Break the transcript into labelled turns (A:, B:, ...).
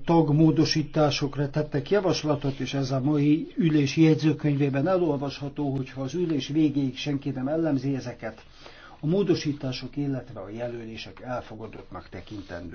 A: tagmódosításokra tettek javaslatot, és ez a mai ülés jegyzőkönyvében elolvasható, hogyha az ülés végéig senki nem ellenzi ezeket, a módosítások, illetve a jelölések elfogadottnak tekintendő.